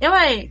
因為。